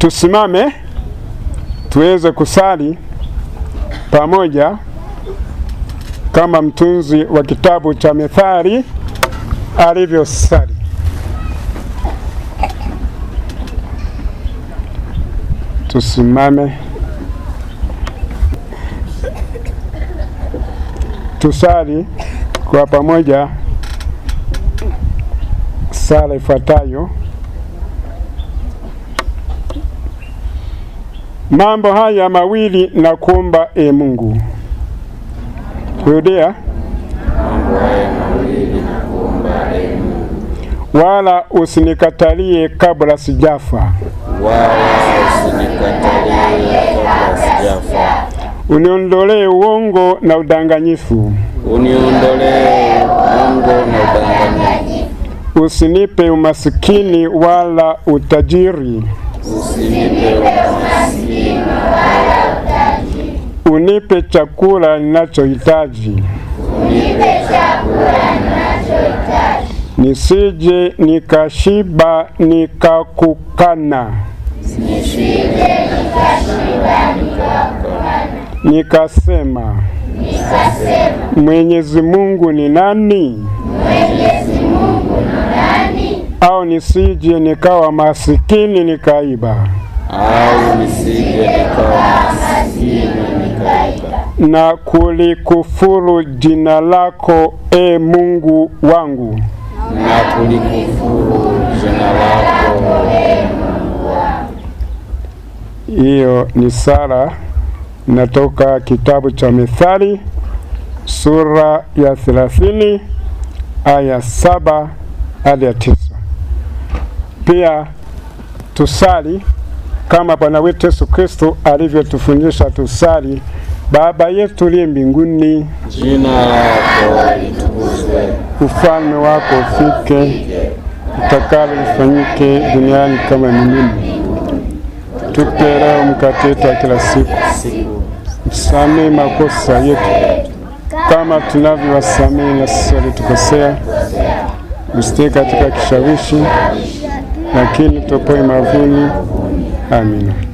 tusimame tuweze kusali pamoja kama mtunzi wa kitabu cha Methali alivyosali. Tusimame tusali kwa pamoja sala ifuatayo. mambo haya mawili na kuomba e Mungu. Rudia, mambo haya mawili na kuomba e Mungu. Wala usinikatalie kabla sijafa, uniondolee uongo na udanganyifu, uniondolee uongo na udanganyifu. Usinipe umasikini wala utajiri, usinipe umasikini Unipe chakula ninachohitaji. Unipe chakula ninachohitaji. Nisije nikashiba nikakukana. Nisije nikashiba nikakukana. Nikasema. Nikasema. Mwenyezi Mungu ni nani? Mwenyezi Mungu ni nani? Au nisije nikawa masikini nikaiba au nisije nikawa maskini nikaika. Na kulikufuru jina lako, e Mungu wangu, na kulikufuru jina lako, e Mungu wangu. Hiyo ni sala natoka kitabu cha Mithali sura ya 30 aya saba hadi ya tisa. Pia tusali kama Bwana wetu Yesu Kristo alivyotufundisha tusali: Baba yetu uliye mbinguni, jina lako litukuzwe, ufalme wako ufike, utakalo lifanyike duniani kama mbinguni. Tupe leo mkate wetu wa kila siku, msamehe makosa yetu kama tunavyowasamehe na sisi waliotukosea, usitutie katika kishawishi, lakini tupoe mavuni Amén.